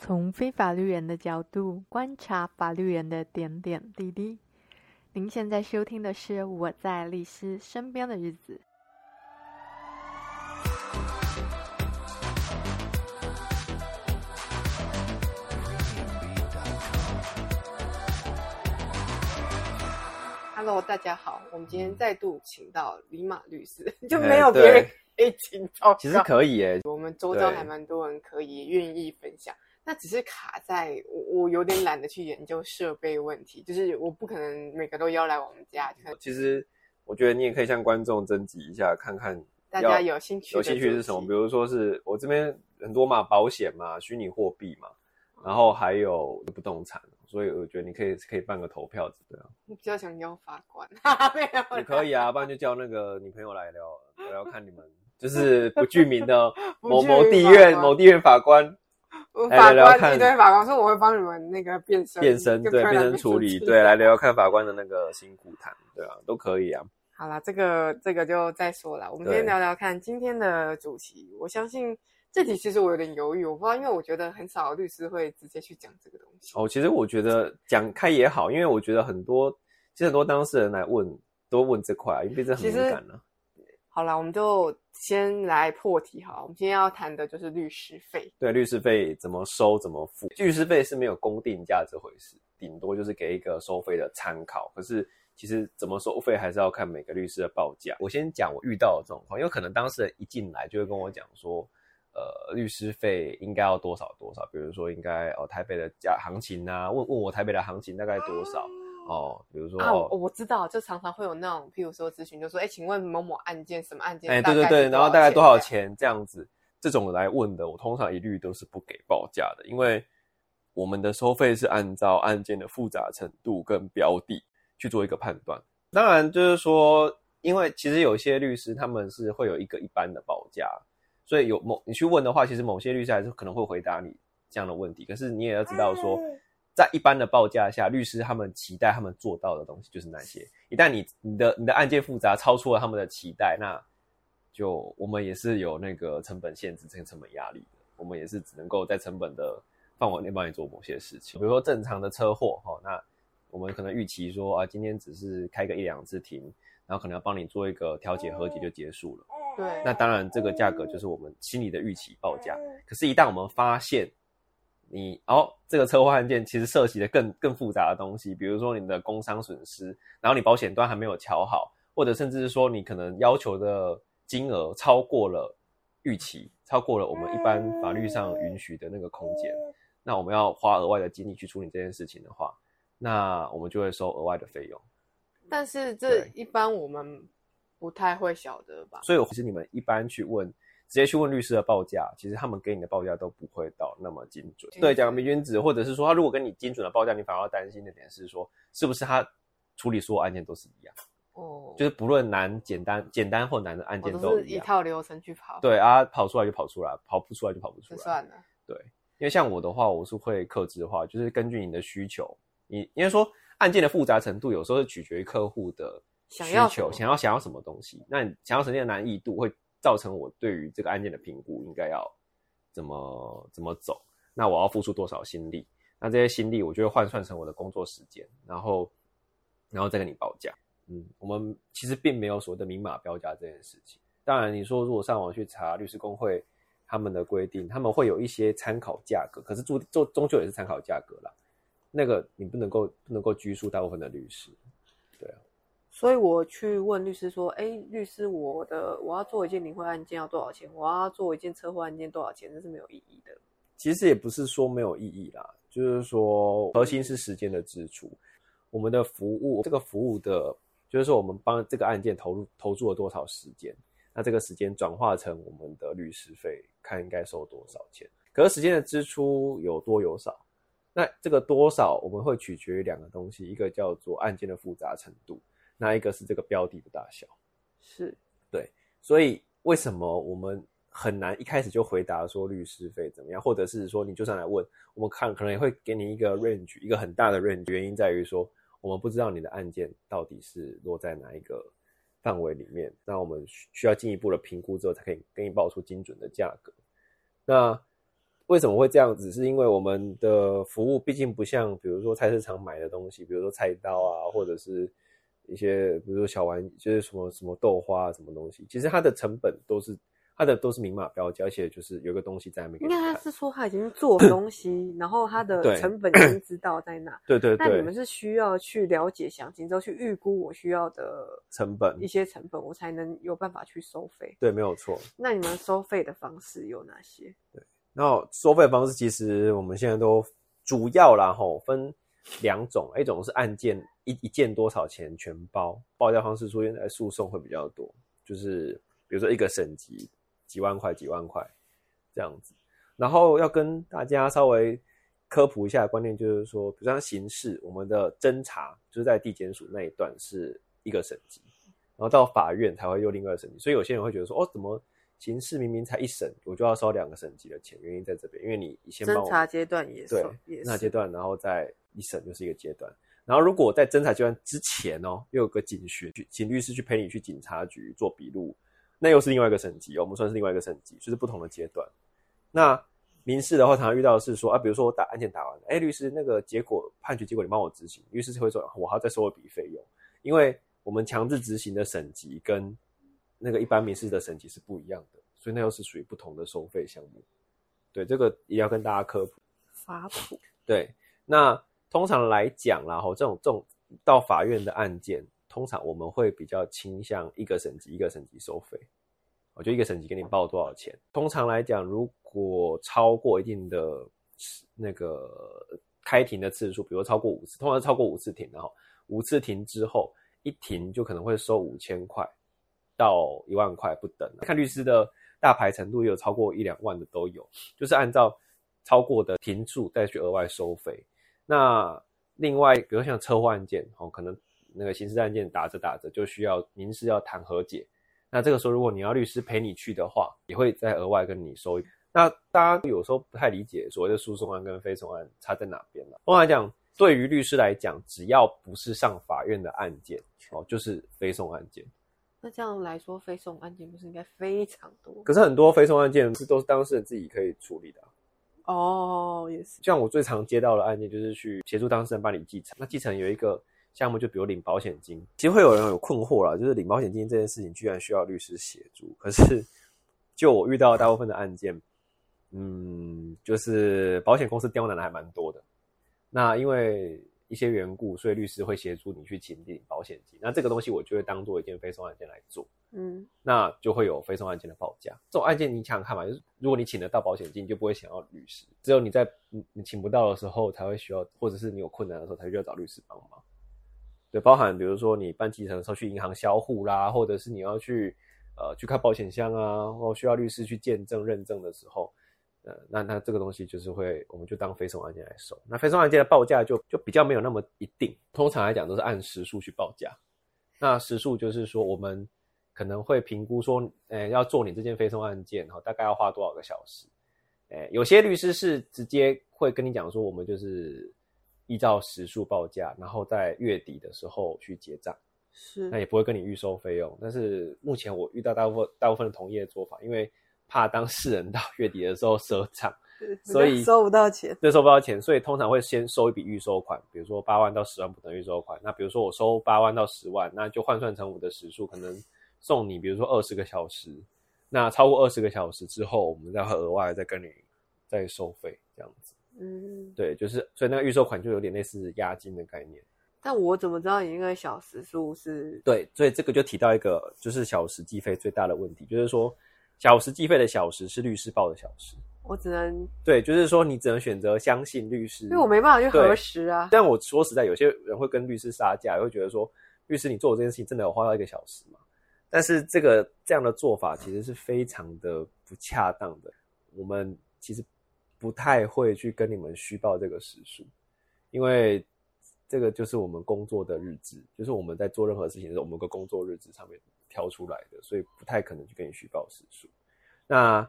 從非法律人的角度觀察法律人的點點滴滴。您現在收聽的是《我在律師身邊的日子》。Hello，大家好，我們今天再度請到李馬律師，就沒有別人可以請。其實可以哎， 我們周遭還蠻多人可以願意分享。那只是卡在我，我有點懶得去研究設備問題，就是我不可能每個都要來我們家。其實我覺得你也可以向觀眾徵集一下，看看大家有興趣，有興趣是什麼？比如說是，我這邊很多嘛，保險嘛，虛擬貨幣嘛，然後還有不動產，所以我覺得你可以可以辦個投票子，這樣。你比較想要法官？哈哈，沒有。也可以啊，不然就叫那個女朋友來聊了，我要看你們就是不具名的某某地院、某地院法官。法官來聊聊對，法官說我會幫你們那個變聲、變聲，對，變聲處理對，理對嗯、來聊聊看法官的那個辛苦談，對啊，都可以啊。好啦，這個這個就再說了，我們今天聊聊看今天的主題，對。我相信這題其實我有點猶豫，我不知道，因為我覺得很少律師會直接去講這個東西。哦，其實我覺得講開也好，因為我覺得很多，其實很多當事人來問都問這塊、啊，因為這很敏感呢、啊。好了，我們就先來破題哈。我們今天要談的就是律師費。對，律師費怎麼收怎麼付？律師費是沒有公定價這回事，頂多就是給一個收費的參考。可是其實怎麼收費，還是要看每個律師的報價。我先講我遇到的狀況，因為可能當事人一進來就會跟我講說，呃，律師費應該要多少多少。比如說應，應該哦，台北的價行情啊，問問我台北的行情大概多少。嗯哦，比如說、啊、我,我知道，就常常會有那種，譬如說諮詢，就說，哎，請問某某案件什麼案件？哎，對對對，然後大概多少錢、哎、這樣子，這種來問的，我通常一律都是不給報價的，因為我們的收費是按照案件的複雜程度跟標的去做一個判斷。當然，就是說，因為其實有些律師他們是會有一個一般的報價，所以有某你去問的話，其實某些律師還是可能會回答你這樣的問題。可是你也要知道說。嗯在一般的報價下，律師他們期待他們做到的東西就是那些。一旦你你的你的案件複雜超出了他們的期待，那就我們也是有那個成本限制，這個成本壓力的。我們也是只能夠在成本的範圍內幫你做某些事情，比如說正常的車禍哈、哦，那我們可能預期說啊，今天只是開個一兩次庭，然後可能要幫你做一個調解和解就結束了。對。那當然，這個價格就是我們心裡的預期報價。可是，一旦我們發現，你，哦，這個車禍案件其實涉及的更更複雜的東西，比如說你的工傷損失，然後你保險端還沒有調好，或者甚至是說你可能要求的金額超過了預期，超過了我們一般法律上允許的那個空間，嗯，那我們要花額外的精力去處理這件事情的話，那我們就會收額外的費用。但是這一般我們不太會曉得吧？所以其實你們一般去問。直接去問律師的報價，其實他們給你的報價都不會到那麼精準。對，對對，講個平均值，或者是說他如果跟你精準的報價，你反而要擔心的點是說，是不是他處理所有案件都是一樣？哦，就是不論難簡單簡單或難的案件都，都是一套流程去跑。對啊，跑出來就跑出來，跑不出來就跑不出來，就算了。對，因為像我的話，我是會客製化，就是根據你的需求，你因為說案件的複雜程度有時候是取決於客戶的需求，想要想要，想要什麼東西，那你想要什麼樣的難易度會造成我對於這個案件的評估應該要怎麼怎麼走？那我要付出多少心力？那這些心力，我就會換算成我的工作時間，然後然後再跟你報價。嗯，我們其實並沒有所謂的明碼標價這件事情。當然，你說如果上網去查律師公會他們的規定，他們會有一些參考價格，可是注終究也是參考價格啦。那個你不能夠不能夠拘束大部分的律師。所以我去問律師說：“哎，律師，我的我要做一件離婚案件要多少錢？我要做一件車禍案件多少錢？這是沒有意義的。”其實也不是說沒有意義啦，就是說核心是時間的支出。嗯、我們的服務，這個服務的就是說我們幫這個案件投入投注了多少時間，那這個時間轉化成我們的律師費，看應該收多少錢。可是時間的支出有多有少，那這個多少我們會取決於兩個東西，一個叫做案件的複雜程度。那一個是這個標的的大小，是，對，所以為什麼我們很難一開始就回答說律師費怎麼樣，或者是說你就算來問，我們看可能也會給你一個 range，一個很大的 range，原因在於說我們不知道你的案件到底是落在哪一個範圍裡面，那我們需要進一步的評估之後才可以給你報出精準的價格。那為什麼會這樣子？是因為我們的服務畢竟不像比如說菜市場買的東西，比如說菜刀啊，或者是。一些，比如說小玩意，就是什麼什麼豆花啊，什麼東西，其實它的成本都是它的都是明碼標價，而且就是有個東西在那邊。應該他是說他已經做東西， 然後它的成本已經知道在哪。 對，對，對對。那你們是需要去了解詳情之後去預估我需要的成本，一些成本，成本我才能有辦法去收費。對，沒有錯。那你們收費的方式有哪些？對，然後收費的方式其實我們現在都主要然後分。兩種，一種是案件一一件多少錢全包，報價方式出現在訴訟會比較多。就是比如說一個審級幾萬塊、幾萬塊、幾萬塊這樣子。然後要跟大家稍微科普一下的觀念，就是說，比如像刑事，我們的偵查就是在地檢署那一段是一個審級，然後到法院才會又另外一個審級。所以有些人會覺得說，哦，怎麼刑事明明才一審，我就要收兩個審級的錢？原因在這邊，因為你先幫我偵查階段也是對，那階段，然後再。一審就是一個階段，然後如果在偵查階段之前哦，又有個警詢，去請律師去陪你去警察局做筆錄，那又是另外一個審級哦，我們算是另外一個審級，就是不同的階段。那民事的話，常常遇到的是說啊，比如說我打案件打完了，哎，律師那個結果判決結果，你幫我執行，律師就會說，我還要再收一筆費用，因為我們強制執行的審級跟那個一般民事的審級是不一樣的，所以那又是屬於不同的收費項目。對，這個也要跟大家科普法普。對，那。通常來講啦，然後這種這種到法院的案件，通常我們會比較傾向一個審級一個審級收費。我就一個審級給你報多少錢。通常來講，如果超過一定的那個開庭的次數，比如說超過五次，通常超過五次庭，然後五次庭之後一庭就可能會收五千塊到一萬塊不等啊。看律師的大牌程度，也有超過一兩萬的都有，就是按照超過的庭數再去額外收費。那另外，比如像車禍案件哦，可能那個刑事案件打着打着就需要，臨時要談和解。那這個時候，如果你要律師陪你去的話，也會再額外跟你收。那大家有時候不太理解所謂的訴訟案跟非訟案差在哪邊了。通常來講，對於律師來講，只要不是上法院的案件哦，就是非訟案件。那這樣來說，非訟案件不是應該非常多？可是很多非訟案件是都是當事人自己可以處理的啊。哦，也是。像我最常接到的案件就是去協助當事人辦理繼承，那繼承有一個項目，就比如領保險金，其實會有人有困惑啦，就是領保險金這件事情居然需要律師協助。可是，就我遇到的大部分的案件，嗯，就是保險公司刁難的還蠻多的。那因為一些緣故，所以律師會協助你去請定保險金。那這個東西，我就會當做一件非訟案件來做。嗯，那就會有非訟案件的報價。這種案件，你想想看嘛？就是如果你請得到保險金，你就不會想要律師；只有你在你你請不到的時候，才會需要，或者是你有困難的時候，才需要找律師幫忙。對，包含比如說你辦繼承的時候去銀行銷戶啦，或者是你要去呃去看保險箱啊，或需要律師去見證認證的時候。嗯、那那這個東西就是會，我們就當非訟案件來收。那非訟案件的報價就就比較沒有那麼一定，通常來講都是按時數去報價。那時數就是說，我們可能會評估說，誒、欸、要做你這件非訟案件，然後大概要花多少個小時。哎、欸，有些律師是直接會跟你講說，我們就是依照時數報價，然後在月底的時候去結賬，是，那也不會跟你預收費用。但是目前我遇到大部分大部分的同業做法，因為。怕當事人到月底的時候賒賬， 所以收不到錢，對，收不到錢，所以通常會先收一筆預收款，比如說八萬到十萬不等預收款。那比如說我收八萬到十萬，那就換算成我的時數，可能送你比如說二十個小時。那超過二十個小時之後，我們再額外再跟你再收費，這樣子。嗯，對，就是所以那個預收款就有點類似押金的概念。但我怎麼知道你一個小時數是？對，所以這個就提到一個就是小時計費最大的問題，就是說。小時計費的小時是律師報的小時，我只能對，就是說你只能選擇相信律師，因為我沒辦法去核實啊。但我說實在，有些人會跟律師殺價，會覺得說律師，你做這件事情真的有花到一個小時嗎？但是這個這樣的做法其實是非常的不恰當的。我們其實不太會去跟你們虛報這個時數，因為這個就是我們工作的日誌，就是我們在做任何事情的時候，就是、我們的工作日誌上面。挑出來的，所以不太可能去跟你虛報時數。那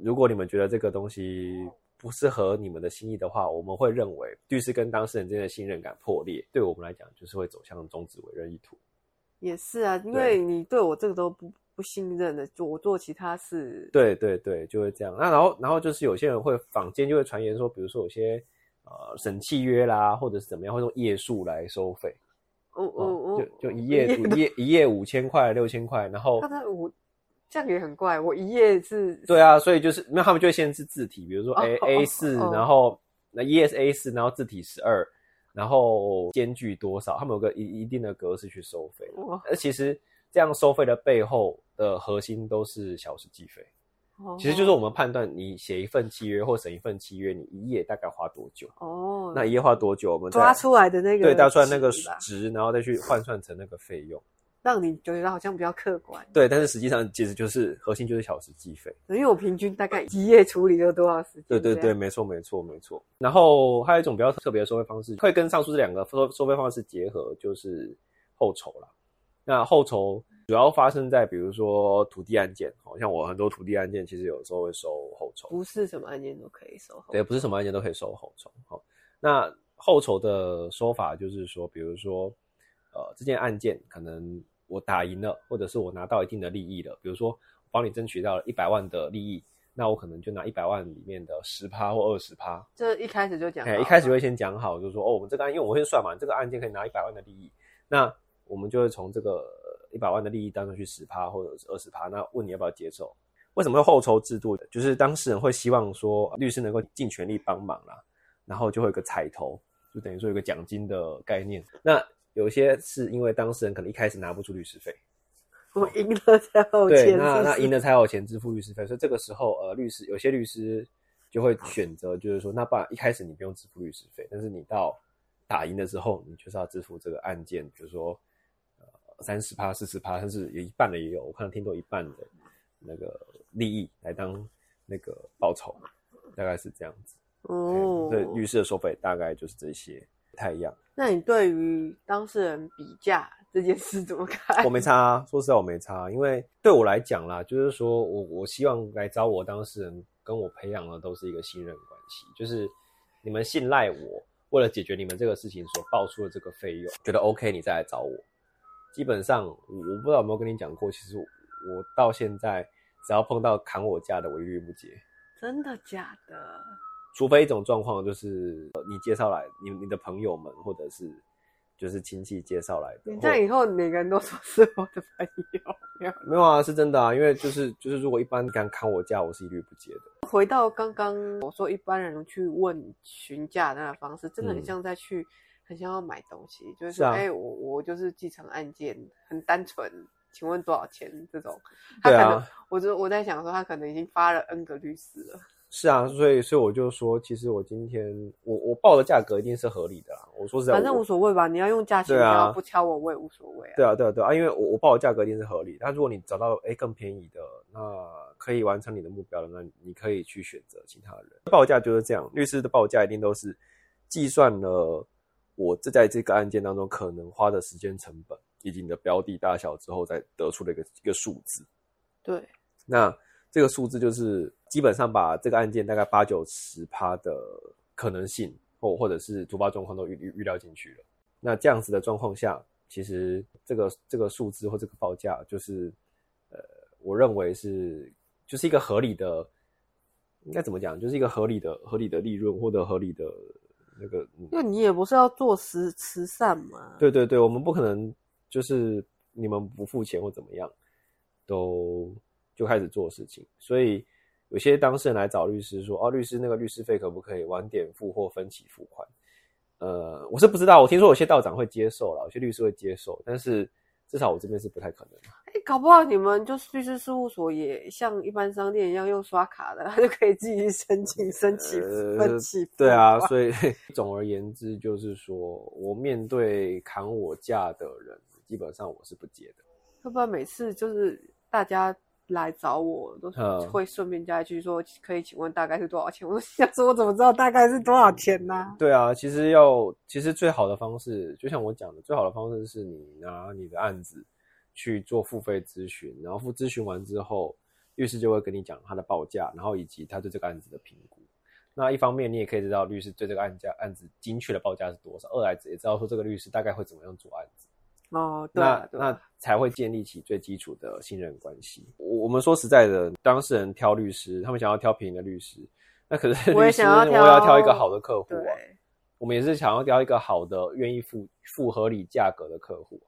如果你們覺得這個東西不適合你們的心意的話，我們會認為律師跟當事人之間的信任感破裂，對我們來講就是會走向終止委任一途。也是啊，因為你對我這個都不不信任了，就我做其他事對，對對對，就會這樣。那然後然後就是有些人會坊間就會傳言說，比如說有些呃，審契約啦，或者是怎麼樣，會用頁數來收費。哦哦哦，就、oh, 就一頁一頁一頁五千塊 六千塊，然後剛才我這樣也很怪，我一頁是，對啊，所以就是那他們就先是字體，比如說 A A 四，然後、oh. 那一頁是 A 四，然後字體12，然後間距多少，他們有個一一定的格式去收費，oh. 而其實這樣收費的背後的核心都是小時計費。其實就是我們判斷你寫一份契約或審一份契約，你一頁大概花多久？哦，那一頁花多久？我們抓出來的那個。對，抓出來那個值，然後再去換算成那個費用，讓你覺得好像比較客觀。對，但是實際上其實就是核心就是小時計費。因為我平均大概一頁處理就多少時間？對，對對對，沒錯沒錯沒錯。然後還有一種比較特別的收費方式，會跟上述這兩個收收費方式結合，就是後酬啦。那後酬主要發生在比如說土地案件，像我很多土地案件，其實有時候會收後酬。不是什麼案件都可以收後酬。對，不是什麼案件都可以收後酬。好，那後酬的說法就是說，比如說，呃，這件案件可能我打贏了，或者是我拿到一定的利益了。比如說我幫你爭取到了一百萬的利益，那我可能就拿一百萬裡面的十趴或二十趴。這一開始就講。哎，一開始會先講好，就是說，哦，我們這個案，因為我會算嘛，這個案件可以拿一百萬的利益，那。我們就會從這個一百萬的利益當中去十趴或者是二十趴，那問你要不要接受？為什麼會後酬制度？就是當事人會希望說律師能夠盡全力幫忙啦、啊，然後就會有個彩頭，就等於說有個獎金的概念。那有些是因為當事人可能一開始拿不出律師費，我贏了才有錢。那那贏了才有錢支付律師費，所以這個時候呃，律師有些律師就會選擇就是說，那不然一開始你不用支付律師費，但是你到打贏的時候，你就是要支付這個案件，就是說。三十趴、四十趴，甚至有一半的也有，我看聽到一半的那個利益來當那個報酬，大概是這樣子。哦，對，律師的收費大概就是這些，不太一樣。那你對於當事人比價這件事怎麼看？我沒差啊，說實在我沒差啊，因為對我來講啦，就是說我我希望來找我當事人跟我培養的都是一個信任關係，就是你們信賴我，為了解決你們這個事情所報出的這個費用，覺得 OK，你再來找我。基本上，我不知道有沒有跟你講過，其實我，我到現在只要碰到砍我價的，我一律不接。真的假的？除非一種狀況，就是你介紹來，你你的朋友們或者是就是親戚介紹來的。你這樣以後每個人都說是我的朋友？ 沒有啊，是真的啊，因為就是就是，如果一般敢砍我價，我是一律不接的。回到剛剛我說一般人去問詢價的那個方式，真的很像在去。嗯很想要買東西，就是哎、啊欸，我我就是繼承案件，很單純，請問多少錢？這種他可能、啊，我就我在想說，他可能已經發了 N 個律師了。是啊，所以所以我就說，其實我今天我我報的價格一定是合理的。我說是。反正無所謂吧，你要用價錢，你要不敲我我也無所謂。對啊，對啊，對啊，因為我我報的價格一定是合理。但如果你找到哎更便宜的，那可以完成你的目標了，那你可以去選擇其他人。報價就是這樣，律師的報價一定都是計算了。我這在這個案件當中可能花的時間成本以及你的標的大小之後，再得出了一個一個數字。對，那這個數字就是基本上把這個案件大概八九十趴的可能性或或者是突發狀況都預預料進去了。那這樣子的狀況下，其實這個這個數字或這個報價就是，呃，我認為是就是一個合理的，應該怎麼講，就是一個合理的合理的利潤或者合理的。那個，嗯，因為你也不是要做慈慈善嘛。對對對，我們不可能就是你們不付錢或怎麼樣，都就開始做事情。所以有些當事人來找律師說：“哦，啊，律師，那個律師費可不可以晚點付或分期付款？”呃，我是不知道，我聽說有些道長會接受啦，有些律師會接受，但是至少我這邊是不太可能啦。搞不好你們就是律師事務所，也像一般商店一樣用刷卡的，他就可以自己申請、申請、呃、分期。對啊， 所以總而言之就是說，我面對砍我價的人，基本上我是不接的。要不然每次就是大家來找我，都是會順便加一句說：“可以請問大概是多少錢？”嗯、我想說：“先生，我怎麼知道大概是多少錢呢、啊嗯？”對啊，其實要其實最好的方式，就像我講的，最好的方式是你拿你的案子。去做付費諮詢，然後付諮詢完之後，律師就會跟你講他的報價，然後以及他對這個案子的評估。那一方面，你也可以知道律師對這個案件案子精確的報價是多少，二來也知道說這個律師大概會怎麼樣做案子。哦，對啊，那對啊，那，那才會建立起最基礎的信任關係。我我們說實在的，當事人挑律師，他們想要挑便宜的律師，那可是律師我也要，要挑，挑一個好的客戶啊，對。我們也是想要挑一個好的、願意付付合理價格的客戶。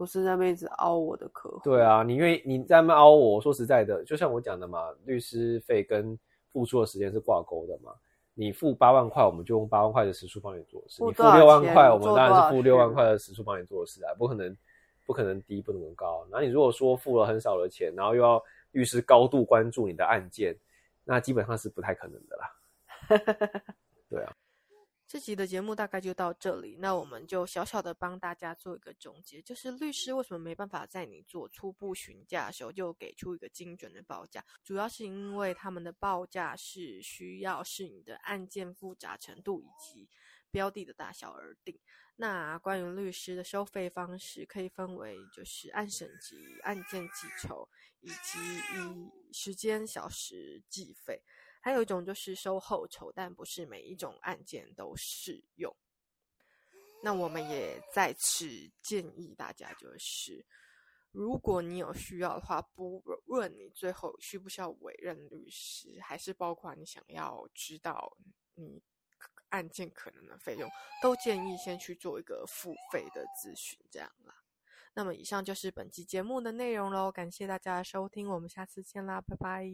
不是在那邊凹我的殼。對啊，你願意你在那邊凹我？我說實在的，就像我講的嘛，律師費跟付出的時間是掛鈎的嘛。你付八萬塊，我們就用八萬塊的時數幫你做事；付你付六萬塊，我們當然是付六萬塊的時數幫你做事啊，不可能，不可能低，不可能高。那你如果說付了很少的錢，然後又要律師高度關注你的案件，那基本上是不太可能的啦。 對啊。這集的節目大概就到這裡，那我們就小小的幫大家做一個總結，就是律師為什麼沒辦法在你做初步詢價的時候就給出一個精準的報價，主要是因為他們的報價是需要視你的案件複雜程度以及標的的大小而定。那關於律師的收費方式，可以分為就是按審級、案件計酬，以及以時間小時計費。還有一種就是收後酬，但不是每一種案件都適用。那我們也再次建議大家，就是如果你有需要的話，不論你最後需不需要委任律師，還是包括你想要知道你案件可能的費用，都建議先去做一個付費的諮詢，這樣啦。那麼以上就是本期節目的內容嘍，感謝大家的收聽，我們下次見啦，拜拜。